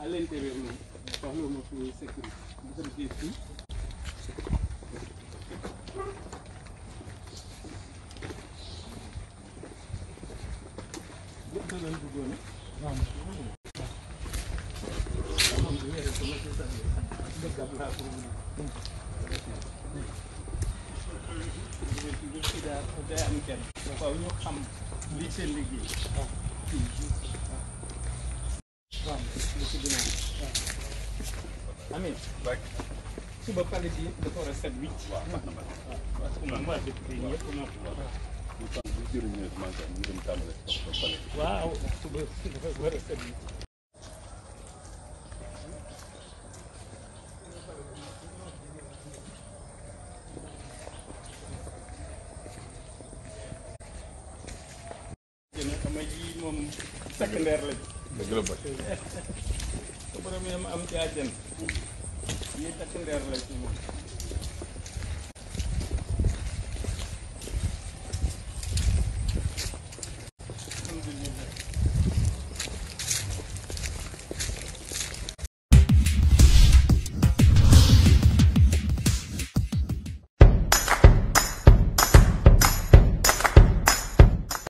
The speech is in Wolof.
à l'intérieur moom soxla ma fi sécurité bu ko defee fii lépp danañ bëggoon day am kenn dafa ñu xam li seen liggéey amin suba pale bi dafa war a set wicc parce que moom waa député ñëpp noo ko waaw suba dafa war a set wicc moom secondaire lañ. la bëri. su borom am ci àjjan. ñii secondaire lañ moom.